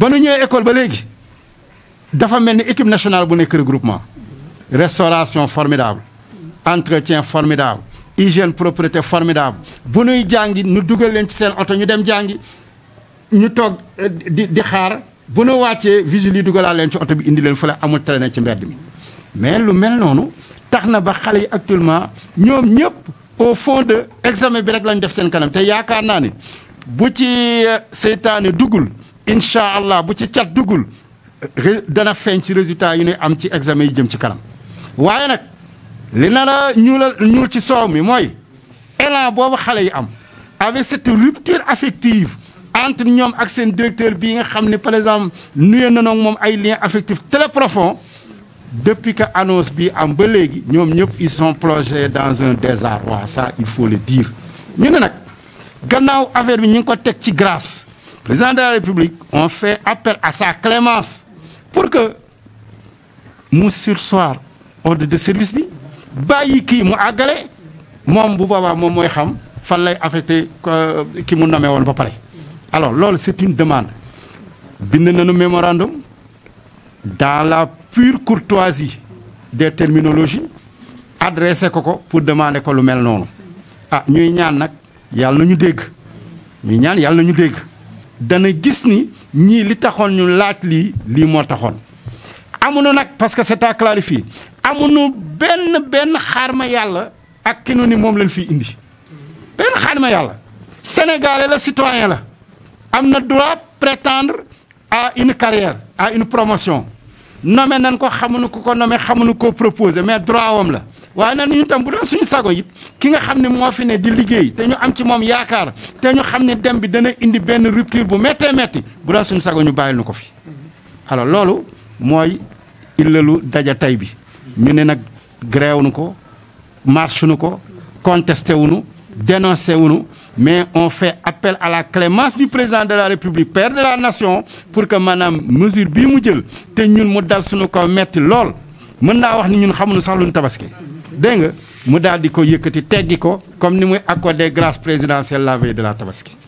ba nu ñëwee école ba léegi dafa mel ni équipe nationale bu nekk regroupement restauration formidable entretien formidable hygiène propreté formidable bu nuy jàngi nu dugal leen ci seen oto ñu dem jàngi ñu toog eh, di di xaar bu nu wàccee vigile yi dugalaa leen ci oto bi indi leen fële amul traîner ci mbedd mi mais lu mel noonu tax na ba xale yi actuellement ñoom ñëpp au fond de examen bi rek lañ def seen kanam te yaakaar naa ni bu ci eh, seytaane duggul InshaAllah, bu ci chat dugul dana ci résultat yu ne am ci examen yi ci kanam li ci mi avec cette rupture affective entre nous ak sen directeur bi nga par exemple lien affectif très profond depuis que annonce bi am ba ils sont plongés dans un désarroi ça il faut le dire Nous, ne gannaaw grâce président de la République, on fait appel à sa clémence pour que nous sursoir ordre de service bi bàyyi kii mu agalé mom bu baba mom moy xam fan lay affecté euh, ki mu namé won ba paré alors l'ol c'est une demande bind nañu mémorandum dans la pure courtoisie des terminologies adressé à pour demander ko lu mel noonu ah ñuy ñaan nak yalla na ñu dégg ñuy ñaan dana gis ni ñii li taxone ñu laaj li li mo taxone amunu nak parce que c'est à clarifier amunu benn benn xarma yalla ak ki ni leen fi indi benn xarma yalla sénégalais la citoyen la amna droit prétendre à une carrière à une promotion nommé nañ ko xamuñu ko ko nommé xamuñu ko proposé mais droit wam la waaye nag ñu tam bu doon suñu sago it ki nga xam ne moo fi ne di liggéey te ñu am ci moom yaakaar te ñu xam ne dem bi dana indi benn rupture bu méttee métti bu doon suñu sago ñu bàyyil ñu ko fi alors loolu mooy illalu daja tey bi ñu ne nag gréew nu ko marche nu ko contesté wunu dénoncé mais on fait appel à la clémence du président de la République père de la nation pour que Madame mesure bi mu jël té ñun mu dal suñu ko metti lool mën wax ni ñun sax luñu tabaski Dénga mu dal di ko comme ni muy accordé grâce présidentielle la veille de la tabaski